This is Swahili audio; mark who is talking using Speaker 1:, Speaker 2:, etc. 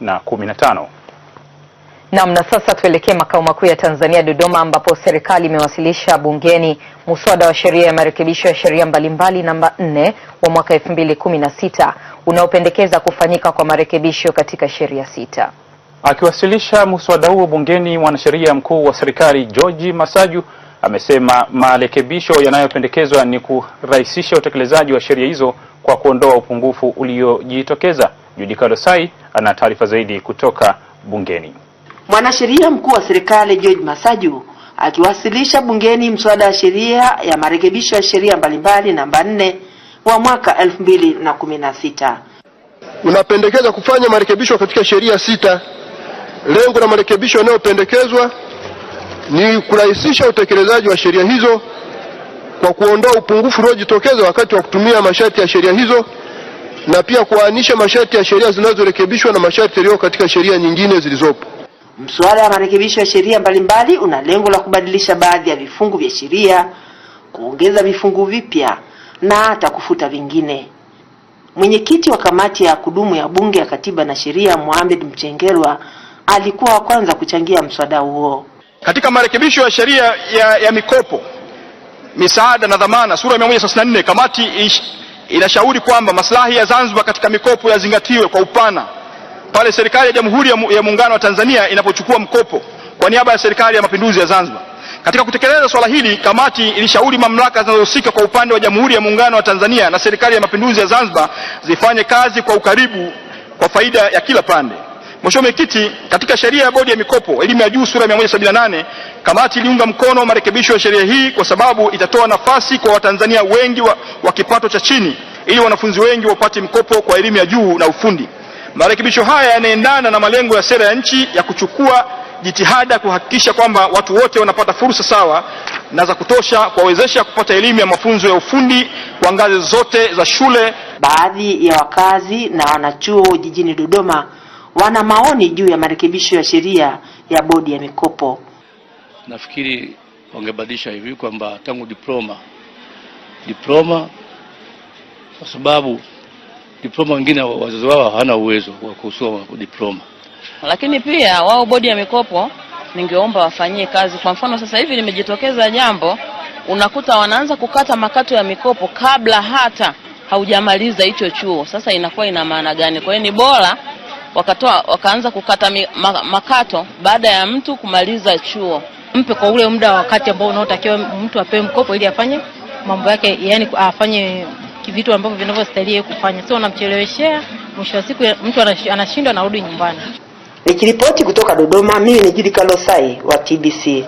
Speaker 1: na kumi na tano.
Speaker 2: Naam, na sasa tuelekee makao makuu ya Tanzania Dodoma, ambapo serikali imewasilisha bungeni muswada wa sheria ya marekebisho ya sheria mbalimbali namba 4 wa mwaka 2016 unaopendekeza kufanyika kwa marekebisho katika sheria sita.
Speaker 1: Akiwasilisha muswada huo bungeni, mwanasheria mkuu wa serikali George Masaju amesema marekebisho yanayopendekezwa ni kurahisisha utekelezaji wa sheria hizo kwa kuondoa upungufu uliojitokeza. Judika Rosai ana taarifa zaidi kutoka bungeni.
Speaker 2: Mwanasheria mkuu wa serikali George Masaju akiwasilisha bungeni mswada wa sheria ya marekebisho ya sheria mbalimbali namba nne wa mwaka elfu mbili na kumi na sita
Speaker 3: unapendekeza kufanya marekebisho katika sheria sita. Lengo la marekebisho yanayopendekezwa ni kurahisisha utekelezaji wa sheria hizo kwa kuondoa upungufu uliojitokeza wakati wa kutumia masharti ya sheria hizo na pia kuainisha masharti ya sheria zinazorekebishwa na masharti yaliyo katika sheria nyingine zilizopo.
Speaker 2: Mswada wa marekebisho ya sheria mbalimbali una lengo la kubadilisha baadhi ya vifungu vya sheria, kuongeza vifungu vipya na hata kufuta vingine. Mwenyekiti wa kamati ya kudumu ya Bunge ya Katiba na Sheria, Mohamed Mchengerwa, alikuwa wa kwanza kuchangia mswada huo.
Speaker 4: Katika marekebisho ya sheria ya, ya mikopo, misaada na dhamana, sura ya 134 kamati inashauri kwamba maslahi ya Zanzibar katika mikopo yazingatiwe kwa upana pale serikali ya Jamhuri ya Muungano wa Tanzania inapochukua mkopo kwa niaba ya Serikali ya Mapinduzi ya Zanzibar. Katika kutekeleza swala hili, kamati ilishauri mamlaka zinazohusika kwa upande wa Jamhuri ya Muungano wa Tanzania na Serikali ya Mapinduzi ya Zanzibar zifanye kazi kwa ukaribu kwa faida ya kila pande. Mheshimiwa Mwenyekiti, katika sheria ya bodi ya mikopo elimu ya juu sura ya 178 kamati iliunga mkono marekebisho ya sheria hii kwa sababu itatoa nafasi kwa Watanzania wengi wa, wa kipato cha chini ili wanafunzi wengi wapate mkopo kwa elimu ya juu na ufundi. Marekebisho haya yanaendana na malengo ya sera ya nchi ya kuchukua jitihada kuhakikisha kwamba watu wote wanapata fursa sawa na za kutosha kuwawezesha kupata elimu ya mafunzo ya ufundi kwa ngazi zote za shule.
Speaker 2: Baadhi ya wakazi na wanachuo jijini Dodoma wana maoni juu ya marekebisho ya sheria ya bodi ya mikopo.
Speaker 5: Nafikiri wangebadilisha hivi kwamba tangu diploma diploma, kwa sababu diploma wengine wazazi wao hawana uwezo wa kusoma diploma,
Speaker 6: lakini pia wao bodi ya mikopo ningeomba wafanyie kazi. Kwa mfano sasa hivi limejitokeza jambo, unakuta wanaanza kukata makato ya mikopo kabla hata haujamaliza hicho chuo. Sasa inakuwa ina maana gani? Kwa hiyo ni bora wakatoa wakaanza kukata makato baada ya mtu kumaliza chuo.
Speaker 7: Mpe kwa ule muda wa wakati ambao unaotakiwa mtu apewe mkopo ili afanye mambo yake, yani afanye vitu ambavyo vinavyostahili kufanya, sio unamcheleweshea. Mwisho wa siku mtu anashindwa, anarudi nyumbani.
Speaker 2: Nikiripoti kutoka Dodoma, mimi ni Jidi Kalosai wa TBC.